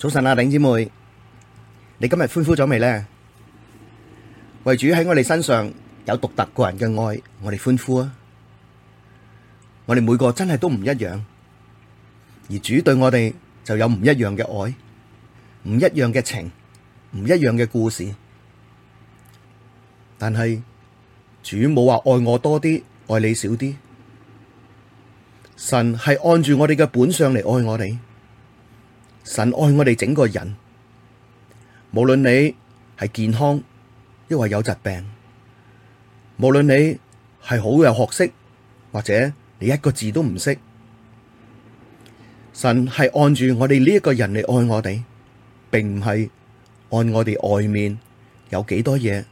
早晨啊，頂姊妹，你今日歡呼咗未呢？為主喺我哋身上有獨特個人嘅愛，我哋歡呼啊！我哋每個真係都唔一樣，而主對我哋就有唔一樣嘅愛，唔一樣嘅情，唔一樣嘅故事。但係主冇話愛我多啲，愛你少啲。神係按住我哋嘅本相嚟愛我哋。神愛我哋整個人，無論你係健康，抑或有疾病；無論你係好有學識，或者你一個字都唔識，神係按住我哋呢一個人嚟愛我哋，並唔係按我哋外面有幾多嘢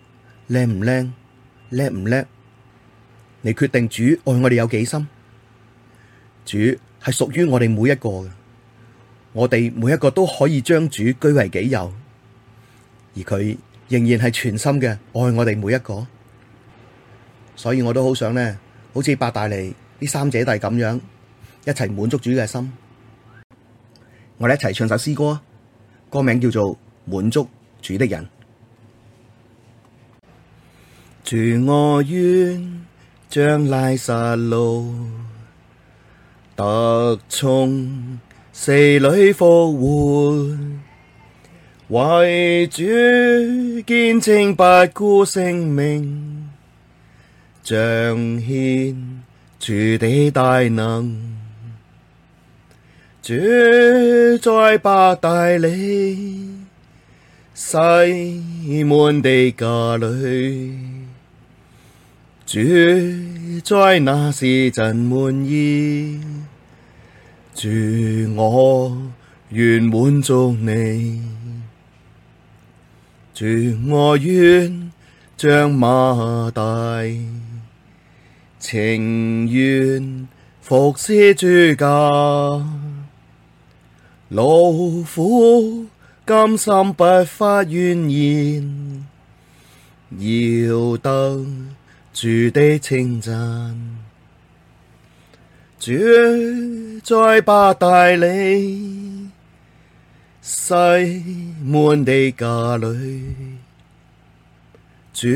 靚唔靚、叻唔叻，你決定主愛我哋有幾深。主係屬於我哋每一個嘅。我哋每一個都可以將主居為己有，而佢仍然係全心嘅愛我哋每一個，所以我都好想呢，好似伯大尼呢三姐弟咁樣，一齊滿足主嘅心。我哋一齊唱首詩歌，歌名叫做《滿足主的人》。主我願，像拉撒路得從，死裡復活，為主見證不顧性命，彰顯主的大能。主在伯大尼，西門的家裡，主在那時真滿意。主我願滿足你，主我願將馬大情願服侍主家，勞苦甘心不發怨言，要得主的稱讚，主，在伯大尼，西門的家裡，主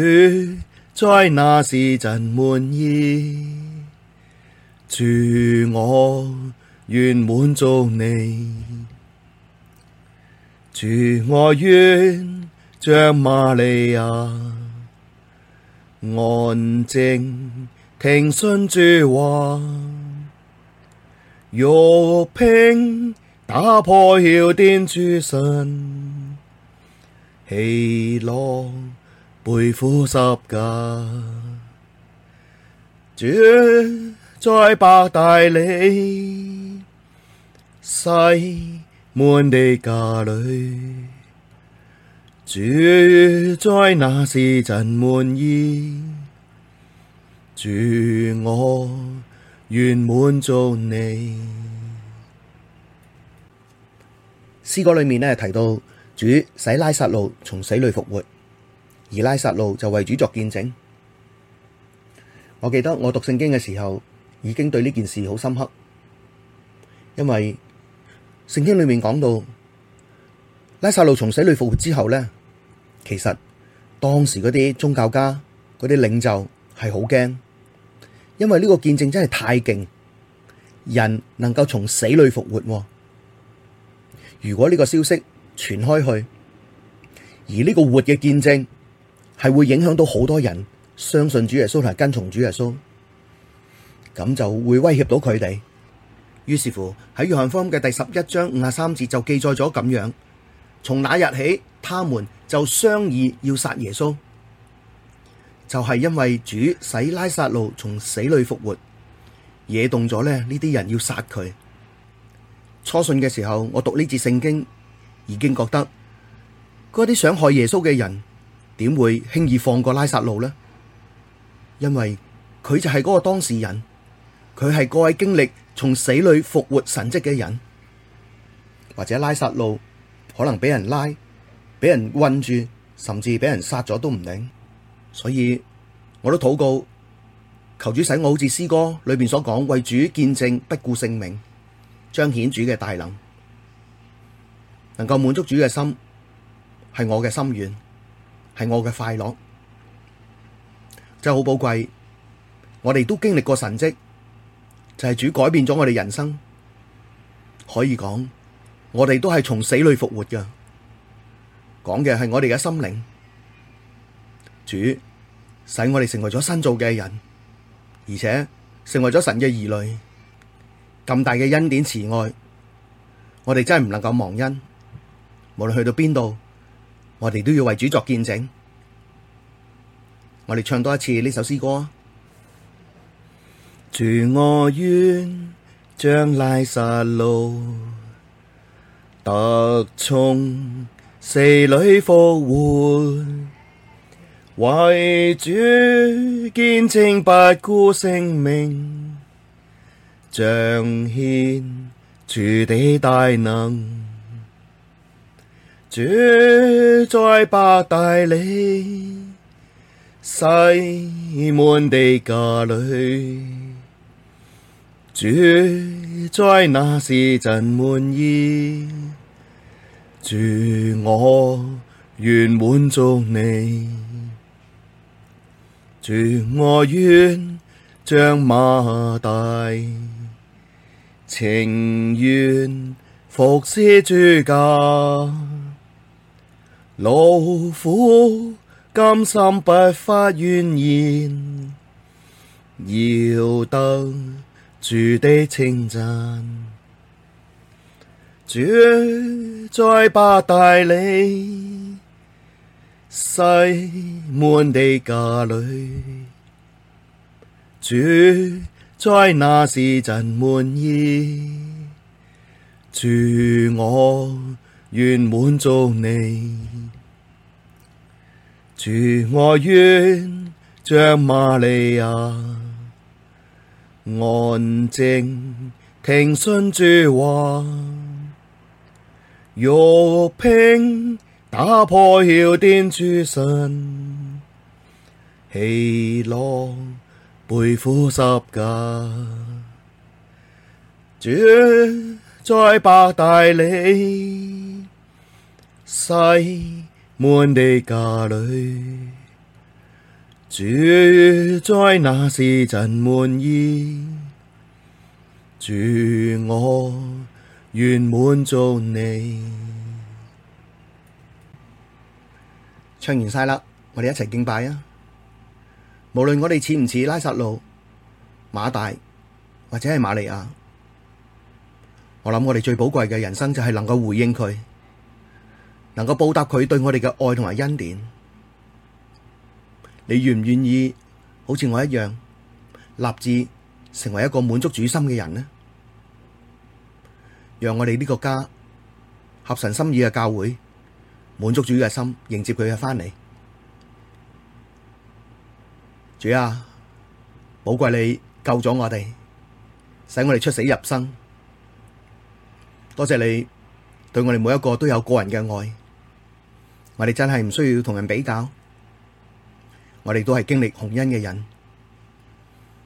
在那時真滿意，主我願滿足你，主我願像瑪利亞，安靜聽信主話。玉瓶打破澆奠主身，喜樂背負十架，主在伯大尼，西門的家裡，主在那時真滿意，主我願滿足你。詩歌裏面呢，提到，主使拉撒路從死裏復活，而拉撒路就為主作見證。我記得我讀聖經嘅時候，已經對呢件事好深刻，因為聖經裏面講到拉撒路從死裏復活之後呢，其實當時嗰啲宗教家、嗰啲領袖係好驚。因為呢個見證真係太勁，人能夠從死裏復活啊。如果呢個消息傳開去，而呢個活嘅見證係會影響到好多人相信主耶穌同埋跟從主耶穌，咁就會威脅到佢哋。 於是乎喺約翰福音嘅第十一章五十三節就記載咗咁樣：「從那日起，他們就商議要殺耶穌。就係因為主使拉撒路從死裡復活，惹動咗咧，呢啲人要殺佢。初信嘅時候，我讀呢節聖經，已經覺得嗰啲想害耶穌嘅人，點會輕易放過拉撒路呢？因為佢就係嗰個當事人，佢係嗰位經歷從死裡復活神蹟嘅人，或者拉撒路可能俾人拉、俾人困住，甚至俾人殺咗都唔定。所以，我都禱告，求主使我好似詩歌裏邊所講，為主見證不顧性命，彰顯主嘅大能，能夠滿足主嘅心，係我嘅心願，係我嘅快樂，真係好寶貴。我哋都經歷過神蹟，就係主改變咗我哋人生，可以講，我哋都係從死裏復活嘅，講嘅係我哋嘅心靈。主使我哋成為咗新造嘅人，而且成為咗神嘅兒女，咁大嘅恩典慈愛，我哋真係唔能夠忘恩。無論去到邊度，我哋都要為主作見證。我哋唱多一次呢首詩歌：主我願像拉撒路，得從死裡復活。為主見證不顧性命，彰顯主的大能，主在伯大尼，西門的家裡，主在那時真滿意，主我願滿足你。主我願，像馬大，情願服侍主家，勞苦甘心不發怨言，要得主的稱讚，主在伯大尼。西門的家裡，主在那時真滿意，主我願滿足你，主我願像瑪利亞，安靜聽信主話，玉瓶。打破澆奠主身喜樂，背負十架，主在伯大尼西門的家裏，主在那時陣滿意，主我願滿足你。唱完晒啦，我哋一齊敬拜啊！無論我哋似唔似拉撒路、馬大或者係瑪利亞，我諗我哋最寶貴嘅人生就係能夠回應佢，能夠報答佢對我哋嘅愛同埋恩典。你願唔願意好似我一樣立志成為一個滿足主心嘅人呢？讓我哋呢個家合神心意嘅教會。滿足主嘅心，迎接佢嘅翻嚟。主啊，寶貴你救咗我哋，使我哋出死入生。多謝你對我哋每一個都有個人嘅愛，我哋真係唔需要同人比較，我哋都係經歷紅恩嘅人。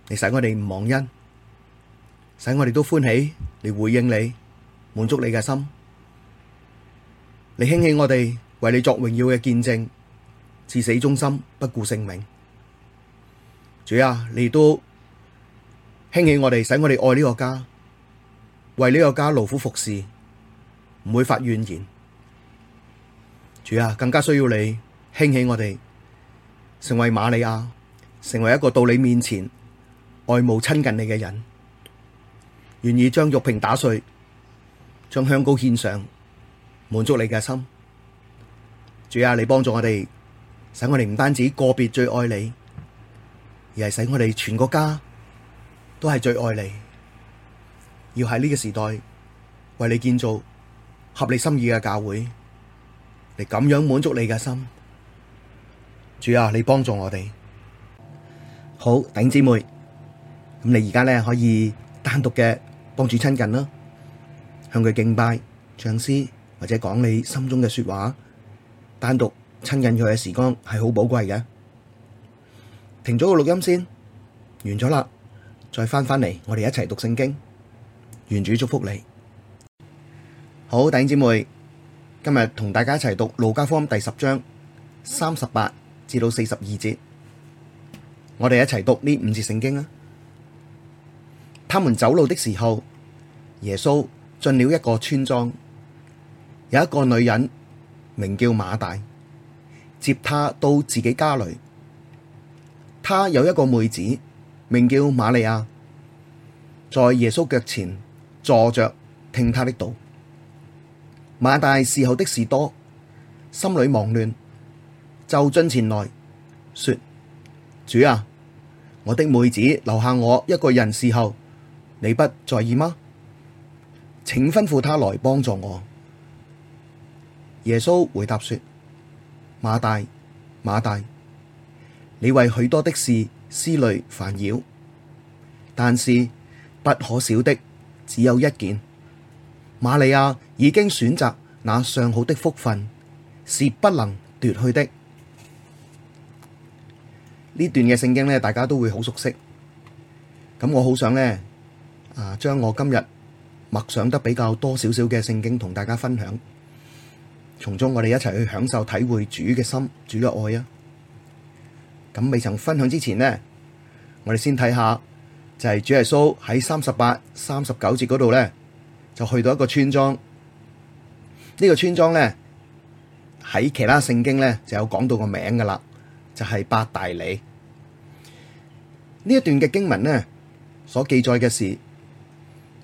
你使我哋唔忘恩，使我哋都歡喜嚟回應你，滿足你嘅心，你興起我哋。為你作榮耀嘅見證，至死忠心不顧性命。主啊，你都興起我哋，使我哋愛呢個家，為呢個家勞苦服侍，唔會發怨言。主啊，更加需要你興起我哋，成為瑪利亞，成為一個到你面前愛慕親近你嘅人，願意將玉瓶打碎，將香膏獻上，滿足你嘅心。主啊，你幫助我哋，使我哋唔單止個別最愛你，而係使我哋全個家都係最愛你。要喺呢個時代為你建造合你心意嘅教會，嚟咁樣滿足你嘅心。主啊，你幫助我哋。好，弟兄姊妹，咁你而家咧，可以單獨嘅幫助親近啦，向佢敬拜、唱詩或者講你心中嘅說話。單獨親近佢嘅時光係好寶貴嘅。停咗個錄音先，完咗啦，再翻返嚟，我哋一齊讀聖經。願主祝福你。好，弟兄姊妹，今日同大家一齊讀路加福音第十章三十八至到四十二節。我哋一齊讀呢五節聖經啊！他們走路的時候，耶穌進了一個村莊，有一個女人。名叫馬大，接他到自己家裡。他有一個妹子名叫瑪利亞，在耶穌腳前坐着聽他的道。馬大伺候的事多，心裡忙亂，就進前來說：主啊，我的妹子留下我一個人伺候，你不在意嗎？請吩咐他來幫助我。耶穌回答說：馬大，馬大，你為許多的事思慮煩擾，但是不可少的只有一件。瑪利亞已經選擇那上好的福分，是不能奪去的。呢段嘅聖經呢，大家都會好熟悉。咁我好想呢，啊，將我今日默想得比較多少少嘅聖經同大家分享。從中我哋一齊去享受、體會主嘅心、主嘅愛啊！咁未曾分享之前呢，我哋先睇下就係主耶穌喺三十八、三十九節嗰度呢，就去到一個村莊。呢個村莊呢，喺其他聖經呢就有講到個名噶啦，就係伯大尼。呢一段嘅經文呢，所記載嘅事，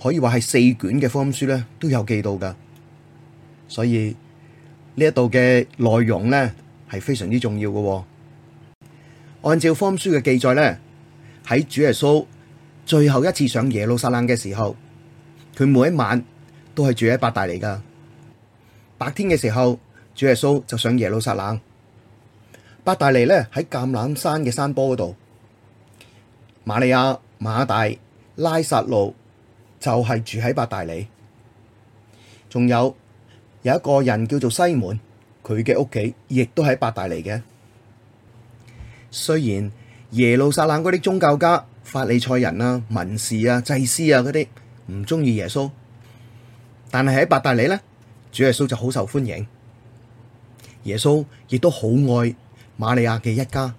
可以話係四卷嘅福音書呢都有記到噶，所以。呢一度嘅內容呢係非常之重要嘅，哦。按照方書嘅記載呢，喺主耶穌最後一次上耶路撒冷嘅時候，佢每一晚都係住喺八大里噶。白天嘅時候，主耶穌就上耶路撒冷。伯大尼呢喺橄欖山嘅山坡度，瑪利亞、馬大、拉撒路就係住喺伯大尼，仲有。有一個人叫做西門，佢嘅屋企亦都喺伯大尼嘅。雖然耶路撒冷嗰啲宗教家、法利賽人啊、文士啊、祭司啊嗰啲唔中意耶穌，但係喺伯大尼呢，主耶穌就好受歡迎。耶穌亦都好愛瑪利亞嘅一家。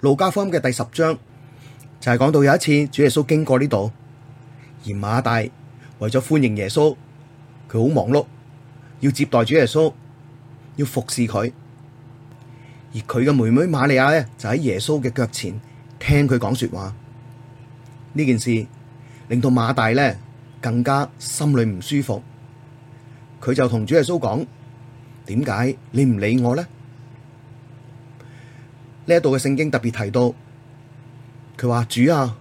路加福音嘅第十章就係、是、講到有一次主耶穌經過呢度，而馬大為咗歡迎耶穌。佢好忙碌，要接待主耶穌，要服侍佢，而佢嘅妹妹瑪利亞呢，就喺耶穌嘅腳前聽佢講說話。呢件事令到馬大呢更加心裏唔舒服，佢就同主耶穌講：點解你唔理我呢？呢一度嘅聖經特別提到，佢話：主啊，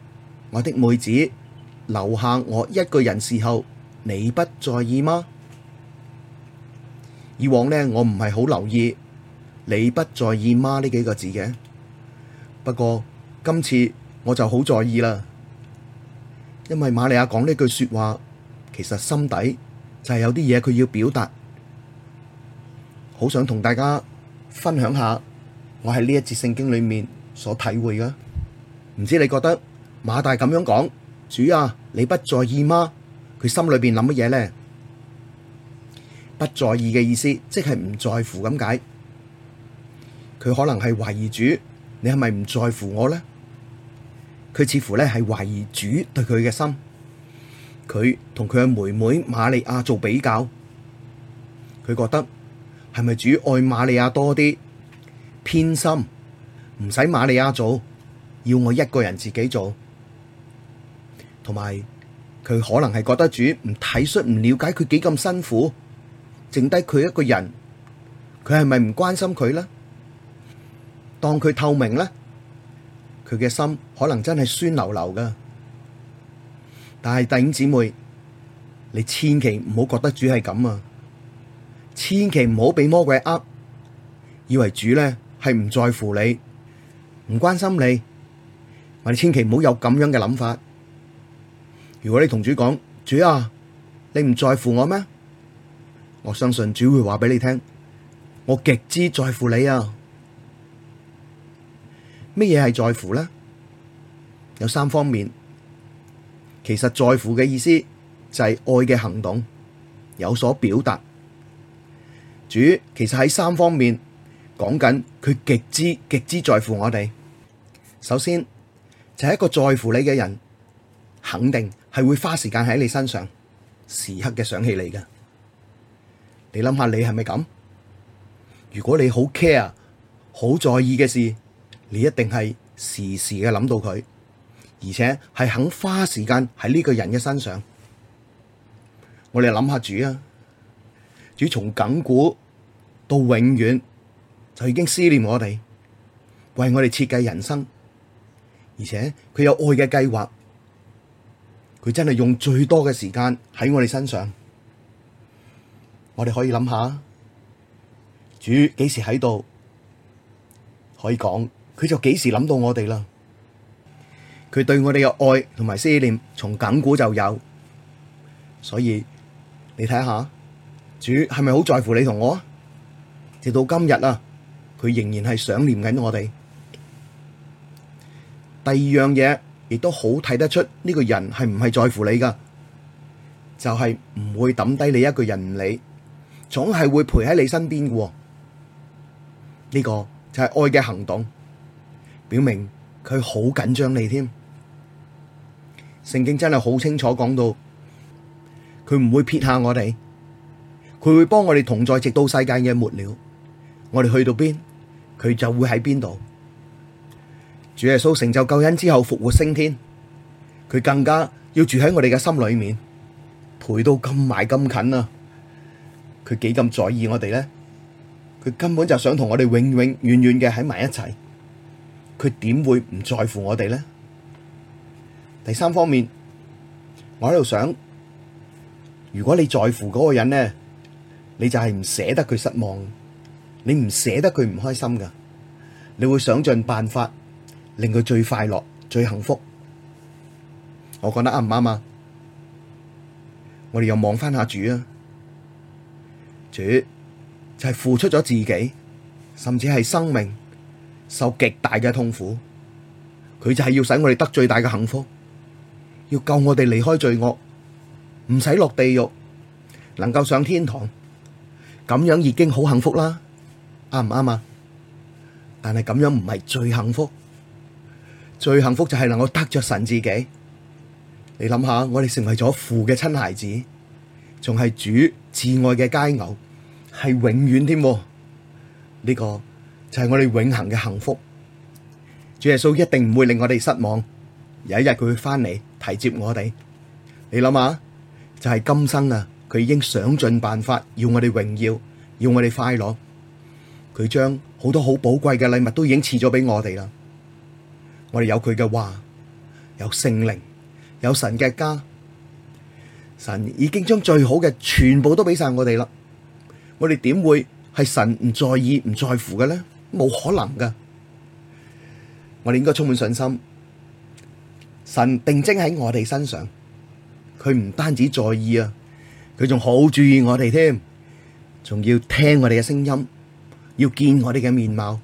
我的妹子留下我一個人伺候。你不在意嗎？以往呢，我唔係好留意你不在意嗎呢幾個字嘅。不過今次我就好在意啦，因為瑪利亞講呢句說話，其實心底就係有啲嘢，佢要表達，好想同大家分享下，我喺呢一節聖經裏面所體會嘅。唔知你覺得馬大咁樣講，主啊，你不在意嗎？佢心裏邊諗乜嘢呢？不在意嘅意思，即係唔在乎咁解。佢可能係懷疑主，你係咪唔在乎我呢？佢似乎咧係懷疑主對佢嘅心。佢同佢嘅妹妹馬利亞做比較，佢覺得係咪主愛馬利亞多啲，偏心？唔使馬利亞做，要我一個人自己做，同埋。佢可能係覺得主唔體恤、唔了解佢幾咁辛苦，剩低佢一個人，佢係咪唔關心佢呢？當佢透明呢，佢嘅心可能真係酸溜溜噶。但係弟兄姊妹，你千祈唔好覺得主係咁啊！千祈唔好俾魔鬼呃，以為主呢係唔在乎你、唔關心你，我哋千祈唔好有咁樣嘅諗法。如果你同主講，主啊，你唔在乎我咩？我相信主會話俾你聽，我極之在乎你啊！乜嘢係在乎呢？有三方面，其實在乎嘅意思就係愛嘅行動有所表達。主其實喺三方面講緊佢極之極之在乎我哋。首先就係一個在乎你嘅人，肯定，係會花時間喺你身上，時刻嘅想起你㗎。你諗下，你係咪咁？如果你好 care、好在意嘅事，你一定係時時嘅諗到佢，而且係肯花時間喺呢個人嘅身上。我哋諗下主啊，主從亙古到永遠就已經思念我哋，為我哋設計人生，而且佢有愛嘅計劃。佢真係用最多嘅時間喺我哋身上，我哋可以諗下，主幾時喺度？可以講，佢就幾時諗到我哋啦。佢對我哋嘅愛同埋思念，從亙古就有，所以你睇下，主係咪好在乎你同我？直到今日啊，佢仍然係想念緊我哋。第二樣嘢。亦都好睇得出呢個人係唔係在乎你噶，就係唔會抌低你一個人唔理，總係會陪喺你身邊嘅。呢個就係愛嘅行動，表明佢好緊張你添。聖經真係好清楚講到，佢唔會撇下我哋，佢會幫我哋同在，直到世界嘅末了。我哋去到邊，佢就會喺邊度。主耶穌成就救恩之後復活升天，佢更加要住喺我哋嘅心裏面，陪到咁埋咁近啊！佢幾咁在意我哋呢？佢根本就想同我哋永永遠遠嘅喺埋一齊，佢點會唔在乎我哋呢？第三方面，我喺度想，如果你在乎嗰個人呢，你就係唔捨得佢失望，你唔捨得佢唔開心噶，你會想盡辦法。令佢最快樂、最幸福，我覺得啱唔啱啊？我哋又望翻下主啊，主就係付出咗自己，甚至係生命，受極大嘅痛苦。佢就係要使我哋得最大嘅幸福，要救我哋離開罪惡，唔使落地獄，能夠上天堂，咁樣已經好幸福啦，啱唔啱啊？但係咁樣唔係最幸福。最幸福就係能夠得着神自己，你諗下，我哋成為咗父嘅親孩子，仲係主至愛嘅佳偶，係永遠添。呢個就係我哋永恒嘅幸福。主耶穌一定唔會令我哋失望，有一日佢會翻嚟提接我哋。你諗下，就係今生啊，佢已經想盡辦法要我哋榮耀，要我哋快樂。佢將好多好寶貴嘅禮物都已經賜咗俾我哋啦。我哋有佢嘅話，有聖靈，有神嘅家，神已經將最好嘅全部都俾晒我哋啦。我哋點會係神唔在意、唔在乎嘅呢？冇可能噶！我哋應該充滿信心。神定睛喺我哋身上，佢唔單止在意啊，佢仲好注意我哋添，仲要聽我哋嘅聲音，要見我哋嘅面貌，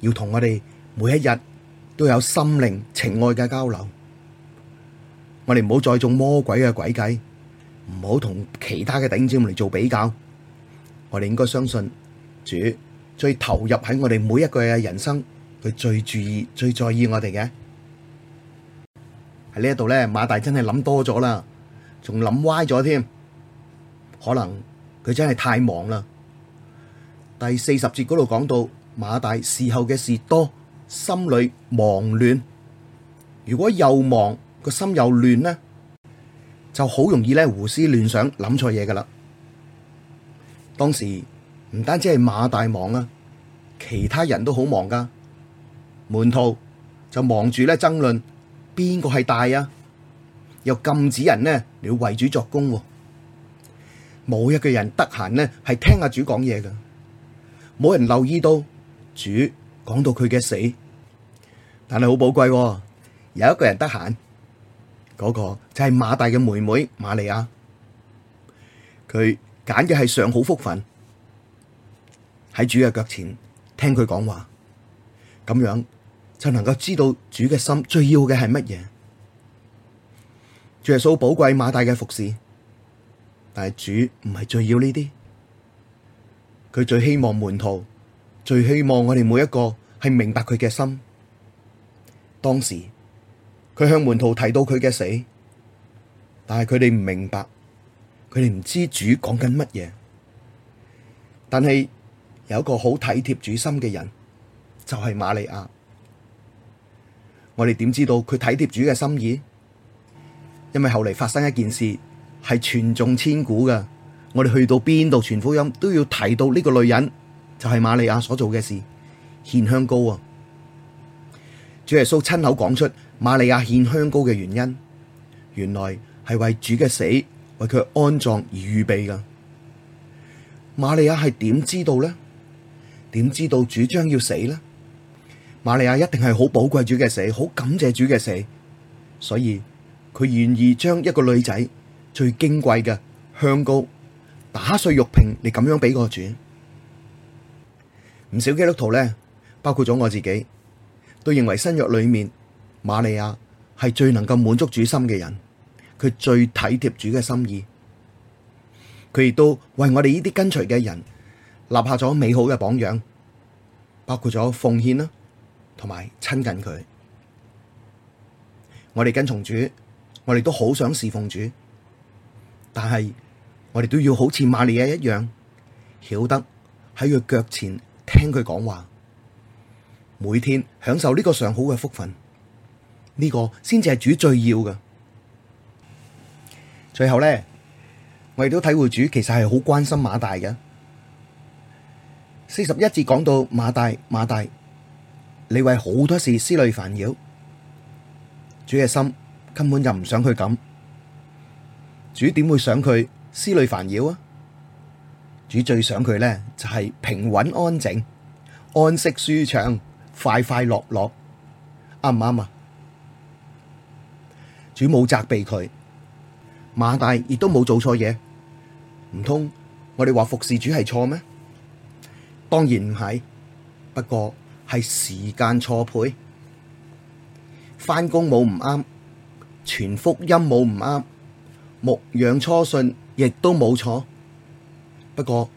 要同我哋每一日都有心靈情愛嘅交流，我哋唔好再中魔鬼嘅詭計，唔好同其他嘅頂尖嚟做比較，我哋應該相信主最投入喺我哋每一個嘅人生，佢最注意、最在意我哋嘅喺呢一度咧，馬大真係諗多咗啦，仲諗歪咗添，可能佢真係太忙啦。第四十節嗰度講到馬大伺候嘅事多。心裏忙亂，如果又忙個心又亂呢，就好容易咧胡思亂想，諗錯嘢噶啦。當時唔單止係馬大忙啊，其他人都好忙噶，門徒就忙住咧爭論邊個係大啊，又禁止人呢，你要為主作工，啊，冇一個人得閒呢，係聽阿主講嘢噶，冇人留意到主。講到佢嘅死，但係好寶貴。有一個人得閒，嗰個就係馬大嘅妹妹瑪利亞，佢揀嘅係上好福分，喺主嘅腳前聽佢講話，咁樣就能夠知道主嘅心最要嘅係乜嘢。耶穌寶貴馬大嘅服侍，但係主唔係最要呢啲，佢最希望門徒。最希望我哋每一個係明白佢嘅心。當時佢向門徒提到佢嘅死，但係佢哋唔明白，佢哋唔知主講緊乜嘢。但係有一個好體貼主心嘅人，就係瑪利亞。我哋點知道佢體貼主嘅心意？因為後嚟發生一件事係傳頌千古嘅。我哋去到邊度傳福音，都要提到呢個女人。就係瑪利亞所做嘅事，獻香膏啊！主耶穌親口講出瑪利亞獻香膏嘅原因，原來係為主嘅死，為佢安葬而預備噶。瑪利亞係點知道呢？點知道主將要死呢？瑪利亞一定係好寶貴主嘅死，好感謝主嘅死，所以佢願意將一個女仔最矜貴嘅香膏打碎玉瓶你咁樣俾個主。唔少基督徒咧，包括咗我自己，都認為新約裏面瑪利亞係最能夠滿足主心嘅人，佢最體貼主嘅心意，佢亦都為我哋呢啲跟隨嘅人立下咗美好嘅榜樣，包括咗奉獻啦，同埋親近佢。我哋跟從主，我哋都好想侍奉主，但係我哋都要好似瑪利亞一樣，曉得喺佢腳前，聽佢講話，每天享受呢個上好嘅福分，呢個先至係主最要嘅。最後咧，我哋都體會主其實係好關心馬大嘅。四十一節講到馬大，馬大，你為好多事思慮煩擾，主嘅心根本就唔想佢咁，主點會想佢思慮煩擾啊？主最想佢呢，就係、是、平穩安靜、安息、舒暢、快快樂樂，啱唔啱啊？主冇責備佢，馬大亦都冇做錯嘢，唔通我哋話服侍主係錯咩？當然唔係，不過係時間錯配，翻工冇唔啱，全福音冇唔啱，牧養初信亦都冇錯。不過，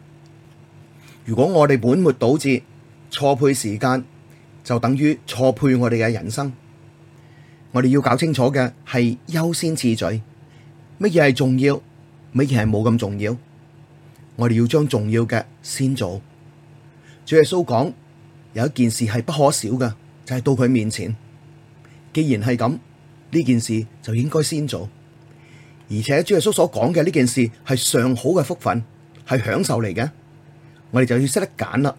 如果我哋本末倒置，錯配時間，就等於錯配我哋嘅人生。我哋要搞清楚嘅係優先次序，乜嘢係重要，乜嘢係冇咁重要。我哋要將重要嘅先做。主耶穌講有一件事係不可少嘅，就係到佢面前。既然係咁，呢件事就應該先做。而且主耶穌所講嘅呢件事係上好嘅福分。係享受嚟嘅，我哋就要識得揀啦。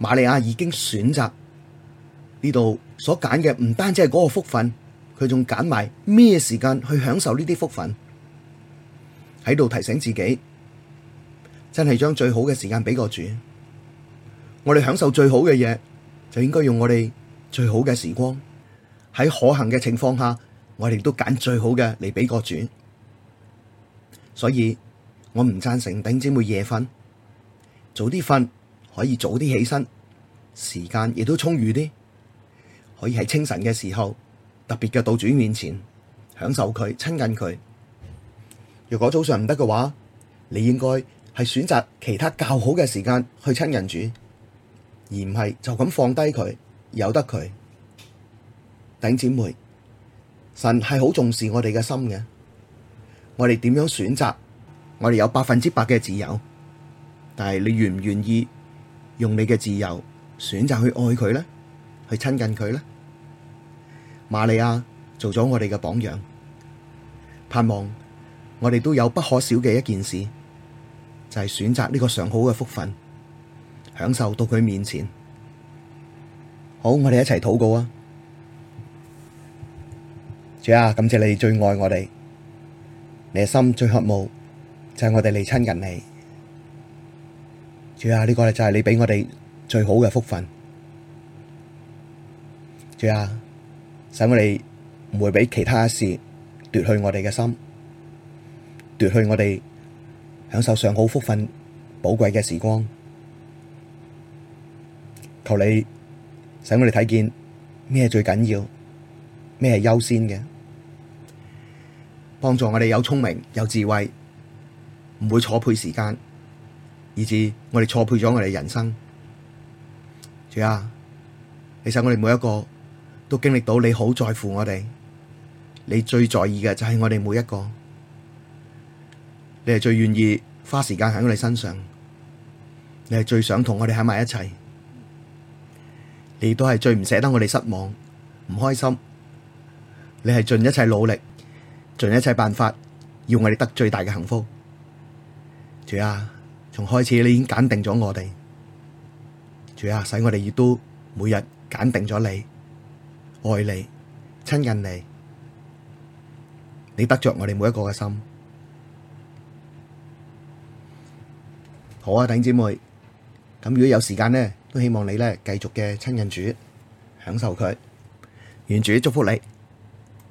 瑪利亞已經選擇呢度所揀嘅，唔單止係嗰個福分，佢仲揀埋咩時間去享受呢啲福分，喺度提醒自己，真係將最好嘅時間俾個主。我哋享受最好嘅嘢，就應該用我哋最好嘅時光，喺可行嘅情況下，我哋都揀最好嘅嚟俾個主。所以。我唔贊成弟姊妹夜瞓，早啲瞓可以早啲起身，時間亦都充裕啲，可以喺清晨嘅時候特別嘅到主面前享受佢，親近佢。如果早上唔得嘅話，你應該係選擇其他較好嘅時間去親近主，而唔係就咁放低佢，由得佢弟姊妹。神係好重視我哋嘅心嘅，我哋點樣選擇？我哋有百分之百嘅自由，但係你願唔願意用你嘅自由選擇去愛佢呢？去親近佢呢？瑪利亞做咗我哋嘅榜樣，盼望我哋都有不可少嘅一件事，就係選擇呢個上好嘅福分，享受到佢面前。好，我哋一齊禱告啊！主啊，感謝你最愛我哋，你嘅心最渴慕。就係我哋嚟親人嚟，主啊呢、這個咧就係你畀我哋最好嘅福分，主啊，使我哋唔會俾其他事奪去我哋嘅心，奪去我哋享受上好福分寶貴嘅時光。求你使我哋睇見咩最緊要，咩係優先嘅，幫助我哋有聰明有智慧，唔會錯配時間，以致我哋錯配咗我哋人生。主啊，其實我哋每一個都經歷到，你好在乎我哋，你最在意嘅就係我哋每一個，你係最願意花時間喺我哋身上，你係最想同我哋喺埋一齊，你都係最唔捨得我哋失望唔開心。你係盡一切努力，盡一切辦法，要我哋得最大嘅幸福。主啊，從開始你已經揀定咗我哋，主啊，使我哋亦都每日揀定咗你，愛你親近你，你得着我哋每一個嘅心。好啊，弟姐妹，咁如果有時間呢，都希望你呢繼續嘅親近主，享受佢，願主祝福你。